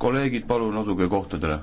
kolleegid, palun asuge kohtadele.